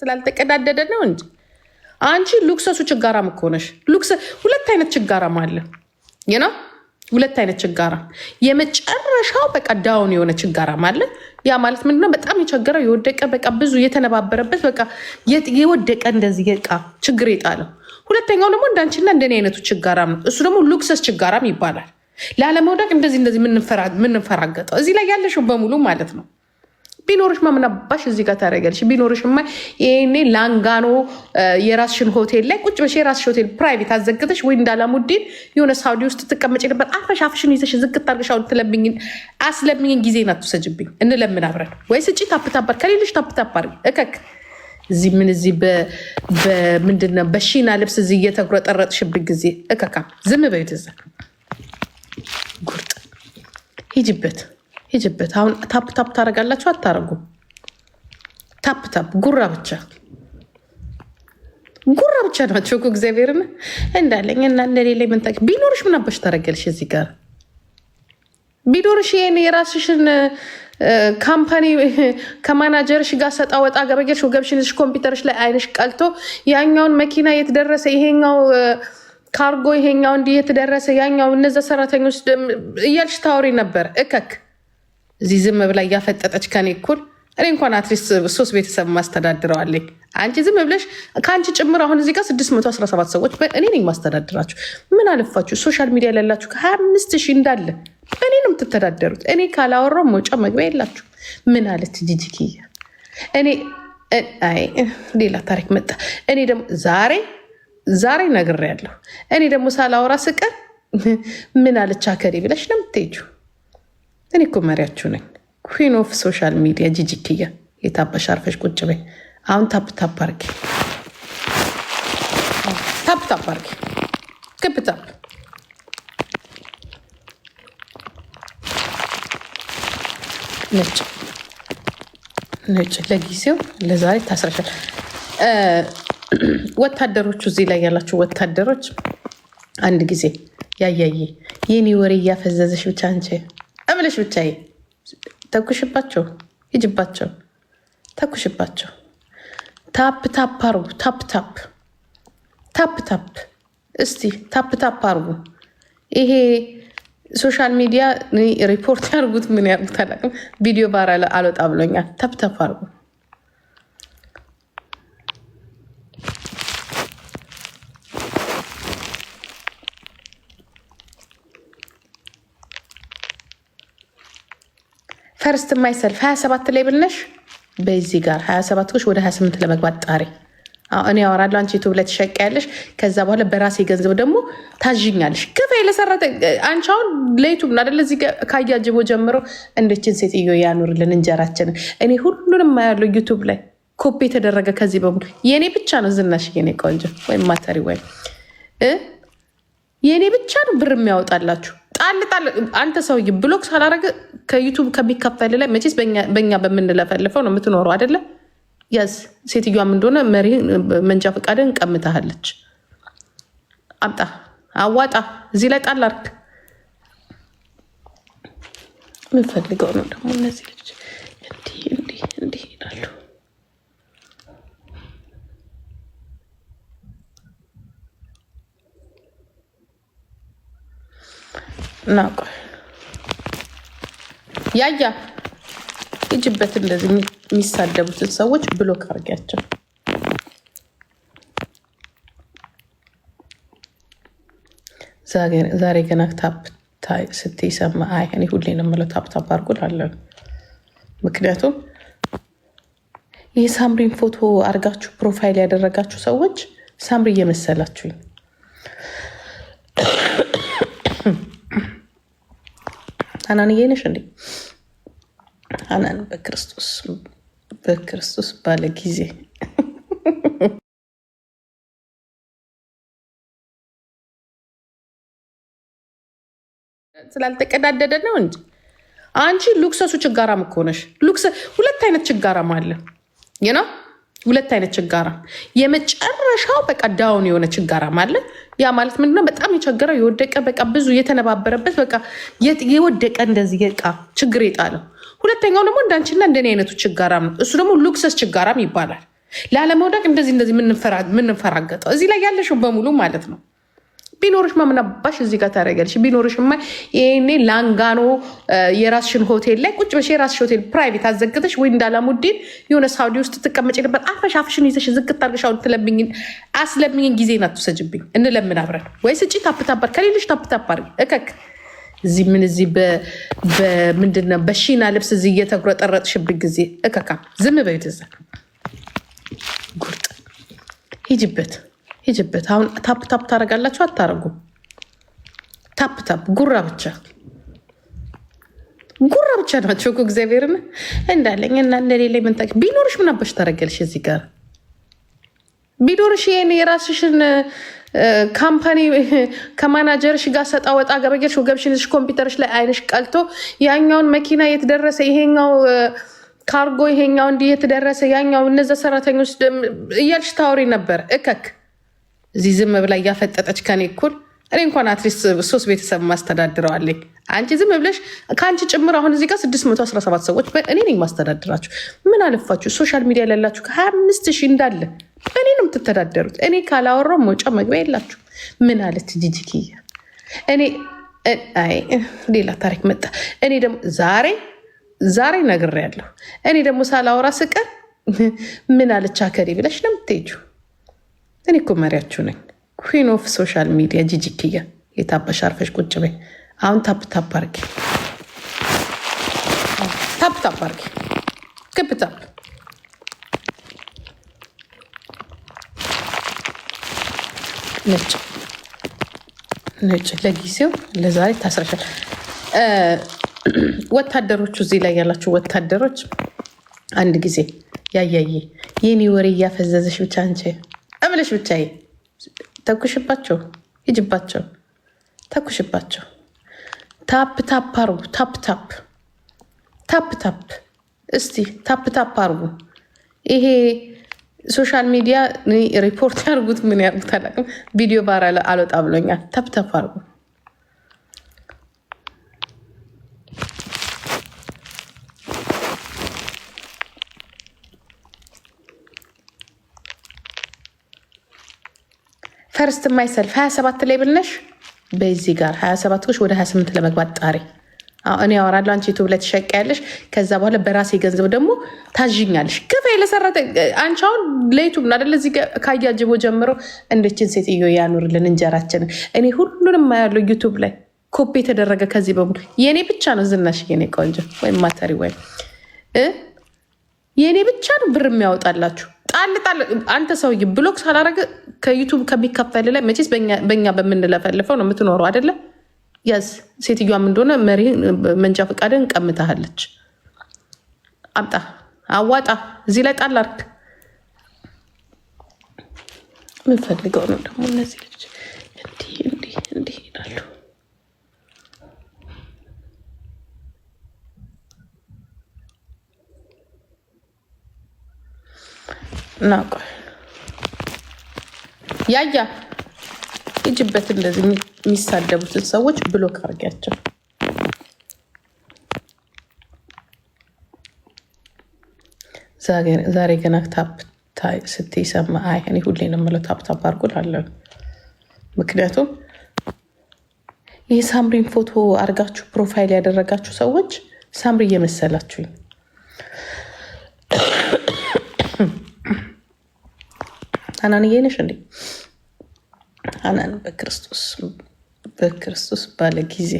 ስላልተቀዳደደ ነው እንጂ አንቺ ሉክሰሱ ችጋራም እኮ ነሽ። ሁለት አይነት ችጋራም አለ ይና ሁለት አይነት ችጋራ የመጨረሻው በቃ ዳውን የሆነ ችጋራም አለ። ያ ማለት ምንድነው? በጣም የቸገረው የወደቀ በቃ ብዙ የተነባበረበት በቃ የወደቀ እንደዚህ የቃ ችግር የጣለው። ሁለተኛው ደግሞ እንዳንቺና እንደኔ አይነቱ ችጋራም ነው። እሱ ደግሞ ሉክሰስ ችጋራም ይባላል። ላለመውደቅ እንደዚህ እንደዚህ ምንፈራገጠው እዚህ ላይ ያለሽው በሙሉ ማለት ነው። ቢኖርሽ ምናባሽ እዚህ ጋር ታደርጊያለሽ? ቢኖርሽማ ይሄኔ ላንጋኖ የራስሽን ሆቴል ላይ ቁጭ ብለሽ የራስሽ ሆቴል ፕራይቬት አዘግተሽ ወይ እንዳላሙዲን የሆነ ሳውዲ ውስጥ ትቀመጭ ነበር። አፈሽ አፍሽን ይዘሽ ዝቅት አድርገሽ አሁን ትለምኝን አስለምኝን ጊዜ ናት ናትሰጅብኝ እንለምን አብረን ወይ ስጪ ታፕታፓር ከሌሎች ታፕታፓር እከክ እዚህ ምን እዚህ ምንድን ነው በሺና ልብስ እዚህ እየተጉረጠረጥሽብኝ ጊዜ እከካ ዝም በይት እዛ ጉርጥ ሂጅበት ሂጅበት። አሁን ታፕ ታፕ ታደርጋላችሁ አታረጉ? ታፕ ታፕ ጉራ ብቻ ጉራ ብቻ ናቸው እኮ እግዚአብሔርን እንዳለኝ እና እንደሌላ ምን ቢኖርሽ ምን አባሽ ታደርጊያለሽ? እዚህ ጋር ቢኖርሽ ይሄን የራስሽን ካምፓኒ ከማናጀርሽ ጋር ሰጣ ወጣ ገበጌሽ ወገብሽን ይዘሽ ኮምፒውተርሽ ላይ አይንሽ ቀልቶ ያኛውን መኪና የተደረሰ ይሄኛው ካርጎ ይሄኛው እንዲህ የተደረሰ ያኛው እነዛ ሰራተኞች እያልሽ ታወሪ ነበር እከክ እዚህ ዝም ብላ እያፈጠጠች ከኔ እኩል እኔ እንኳን አትሊስት ሶስት ቤተሰብ ማስተዳድረዋለኝ። አንቺ ዝም ብለሽ ከአንቺ ጭምር አሁን እዚህ ጋር 617 ሰዎች እኔ ነኝ ማስተዳድራችሁ። ምን አለፋችሁ ሶሻል ሚዲያ ላላችሁ ከ25 ሺህ እንዳለ እኔ ነው የምትተዳደሩት። እኔ ካላወራው መውጫ መግቢያ የላችሁ። ምን አለት ጂጂክያ እኔ ሌላ ታሪክ መጣ። እኔ ደግሞ ዛሬ ዛሬ ነግሬያለሁ። እኔ ደግሞ ሳላወራ ስቀር ምን አለች አከሬ ብለሽ ነው የምትሄጂው እኔ እኮ መሪያችሁ ነኝ። ኩን ኦፍ ሶሻል ሚዲያ ጂጂክያ የታበሽ አርፈሽ ቁጭ በይ። አሁን ታፕ ታፕ አርጊ፣ ታፕ ታፕ አርጊ፣ ክብ ታፕ ነጭ ነጭ። ለጊዜው ለዛሬ ታስረሻል። ወታደሮቹ እዚህ ላይ ያላችሁ ወታደሮች አንድ ጊዜ ያያየ የኔ ወሬ እያፈዘዘሽ ብቻ አንቺ እምልሽ ብቻዬ ተኩሽባቸው፣ ሂጅባቸው፣ ተኩሽባቸው። ታፕ ታፕ አርጉ። ታፕ ታፕ ታፕ ታፕ እስቲ ታፕ ታፕ አርጉ። ይሄ ሶሻል ሚዲያ ሪፖርት ያርጉት ምን ያርጉት አላውቅም። ቪዲዮ ባር አልወጣ ብሎኛል። ታፕ ታፕ አርጉ። ፈርስት ማይሰልፍ 27 ላይ ብልነሽ በዚህ ጋር 27 ሽ ወደ 28 ለመግባት ጣሪ። እኔ ያወራለሁ አንቺ ዩቱብ ላይ ትሸቂያለሽ። ከዛ በኋላ በራሴ ገንዘብ ደግሞ ታዥኛለሽ። ክፈይ ለሰራተ አንቺ አሁን ለዩቱብ ነው አደለ? እዚህ ካያጅቦ ጀምሮ እንደችን ሴትዮ ያኑርልን እንጀራችን። እኔ ሁሉንም ያለው ዩቱብ ላይ ኮፒ የተደረገ ከዚህ በሙሉ የእኔ ብቻ ነው ዝናሽ፣ የኔ ቆንጆ ወይም ማተሪ ወይም የእኔ ብቻ ነው ብር የሚያወጣላችሁ ጣል ጣል አንተ ሰውዬ ብሎክ ሳላረግ ከዩቱብ ከሚከፈል ላይ መቼስ በእኛ በምንለፈልፈው ነው የምትኖረው አይደለ? ያዝ ሴትዮዋም እንደሆነ መሪ መንጃ ፈቃድን ቀምታሃለች። አምጣ አዋጣ፣ እዚህ ላይ ጣል አርግ። ምንፈልገው ነው ደግሞ እነዚህ ልጅ እንዲህ እንዲህ እንዲህ ይላሉ። እና ያያ ሂጅበት። እንደዚህ የሚሳደቡትን ሰዎች ብሎክ አድርጊያቸው። ዛሬ ገና ታፕ ስትሰማ አይ እኔ ሁሌ ነው የምለው ታፕ ታፕ አድርጎ እላለሁ። ምክንያቱም የሳምሪን ፎቶ አድርጋችሁ ፕሮፋይል ያደረጋችሁ ሰዎች ሳምሪ እየመሰላችሁኝ አናንዬ ነሽ እንዴ? አናን በክርስቶስ በክርስቶስ ባለ ጊዜ ስላልተቀዳደደ ነው እንጂ አንቺ ሉክሰሱ ችጋራም እኮ ነሽ። ሁለት አይነት ችጋራም አለ ነው ሁለት አይነት ችጋራ፣ የመጨረሻው በቃ ዳውን የሆነ ችጋራ አለ። ያ ማለት ምንድነው? በጣም የቸገረው የወደቀ በቃ ብዙ የተነባበረበት በቃ የወደቀ እንደዚህ የቃ ችግር የጣለው። ሁለተኛው ደግሞ እንዳንችና እንደኔ አይነቱ ችጋራም ነው። እሱ ደግሞ ሉክሰስ ችጋራም ይባላል። ላለመውደቅ እንደዚህ እንደዚህ የምንፈራገጠው እዚህ ላይ ያለሽው በሙሉ ማለት ነው። ቢኖርሽ ማ ምናባሽ እዚህ ጋር ታደርጊያለሽ? ቢኖርሽ ማ ይሄኔ ላንጋኖ የራስሽን ሆቴል ላይ ቁጭ በሽ የራስሽ ሆቴል ፕራይቬት አዘግተሽ ወይ እንዳላሙዲን የሆነ ሳውዲ ውስጥ ትቀመጭ ነበር። አፈሽ አፍሽን ይዘሽ ዝግት አድርገሽ አሁን ትለምኝ አስለምኝን ጊዜ ናትሰጅብኝ እንለምን አብረን ወይ ስጪ ታፕታባር ከሌሎች ታፕታባር እከክ እዚህ ምን እዚህ ምንድን ነው በሺና ልብስ እዚህ እየተጉረጠረጥሽብኝ ጊዜ እከካ ዝም በይት እዛ ጉርጥ ሂጅበት ሂጅበት። አሁን ታፕ ታፕ ታደርጋላችሁ አታረጉም? ታፕ ታፕ ጉራ ብቻ ጉራ ብቻ ናቸው እኮ እግዚአብሔርን እንዳለኝ እና እንደሌለ ምን ቢኖርሽ ምን አባሽ ታደርጊያለሽ? እዚህ ጋር ቢኖርሽ ይሄን የራስሽን ካምፓኒ ከማናጀርሽ ጋር ሰጣ ወጣ ገበጌርሽ ወገብሽንሽ ኮምፒውተርሽ ላይ አይንሽ ቀልቶ ያኛውን መኪና የተደረሰ ይሄኛው ካርጎ ይሄኛው እንዲህ የተደረሰ ያኛው እነዛ ሰራተኞች እያልሽ ታወሪ ነበር እከክ እዚህ ዝም ብላ እያፈጠጠች ከኔ እኩል እኔ እንኳን አትሊስት ሶስት ቤተሰብ ማስተዳድረዋለኝ። አንቺ ዝም ብለሽ ከአንቺ ጭምር አሁን እዚህ ጋር 617 ሰዎች እኔ ነኝ ማስተዳድራችሁ። ምን አለፋችሁ ሶሻል ሚዲያ ላላችሁ ከ25 ሺህ እንዳለ እኔ ነው የምትተዳደሩት። እኔ ካላወራው መውጫ መግቢያ የላችሁ። ምን አለች ጂጂኪያ? እኔ ሌላ ታሪክ መጣ። እኔ ደግሞ ዛሬ ዛሬ ነግሬያለሁ። እኔ ደግሞ ሳላወራ ስቀር ምን አለች አከሪ ብለሽ ነው የምትሄጂው። እኔ እኮ መሪያችሁ ነኝ። ኩዊን ኦፍ ሶሻል ሚዲያ ጂጂክያ። ኪያ የታበሽ አርፈሽ ቁጭ በይ። አሁን ታፕ ታፕ አርጊ፣ ታፕ ታፕ አርጊ፣ ክብ ታፕ ነጭ ነጭ። ለጊዜው ለዛሬ ታስረሻል። ወታደሮቹ እዚህ ላይ ያላችሁ ወታደሮች አንድ ጊዜ ያያየ የኔ ወሬ እያፈዘዘሽ ብቻ አንቺ እምልሽ ብቻዬ ተኩሽባቸው፣ ሂጅባቸው፣ ተኩሽባቸው። ታፕ ታፕ አርጉ። ታፕ ታፕ ታፕ ታፕ እስቲ ታፕ ታፕ አርጉ። ይሄ ሶሻል ሚዲያ ሪፖርት ያርጉት ምን ያርጉት አላውቅም። ቪዲዮ ባር አልወጣ ብሎኛል። ታፕ ታፕ አርጉ። ፈርስት ማይሰልፍ 27 ላይ ብልነሽ በዚህ ጋር 27 ሽ ወደ 28 ለመግባት ጣሪ። እኔ አወራለሁ፣ አንቺ ዩቱብ ላይ ትሸቂያለሽ። ከዛ በኋላ በራሴ ገንዘብ ደግሞ ታዥኛለሽ። ክፈይ ለሰራተ አንቺ አሁን ለዩቱብ ና አደለ? እዚህ ካያጅቦ ጀምሮ እንደችን ሴትዮ ያኑርልን እንጀራችንን። እኔ ሁሉንም ያለው ዩቱብ ላይ ኮፒ የተደረገ ከዚህ በሙሉ የእኔ ብቻ ነው ዝናሽ፣ የኔ ቆንጆ ወይም ማተሪ ወይም የእኔ ብቻ ነው ብር የሚያወጣላችሁ አንተ ሰውዬ ብሎክ ሳላረግ ከዩቱብ ከሚከፈል ላይ መቼስ በእኛ በምንለፈልፈው ነው የምትኖረው አይደለ? ያዝ ሴትዮዋም እንደሆነ መሪ መንጃ ፈቃድን ቀምታሃለች። አምጣ አዋጣ፣ እዚህ ላይ ጣል ምንፈልገው ነው ደግሞ እነዚህ ልጅ እና ያያ ሂጅበት። እንደዚህ የሚሳደቡትን ሰዎች ብሎክ አድርጊያቸው። ዛሬ ገና ታፕ ስትይ ሰማ። አይ እኔ ሁሌ ነው የምለው ታፕ ታፕ አድርጎ ላለን። ምክንያቱም ይህ ሳምሪን ፎቶ አድርጋችሁ ፕሮፋይል ያደረጋችሁ ሰዎች ሳምሪ እየመሰላችሁኝ ሀናን እያለሽ እንዴ? ሀናን በክርስቶስ በክርስቶስ ባለ ጊዜ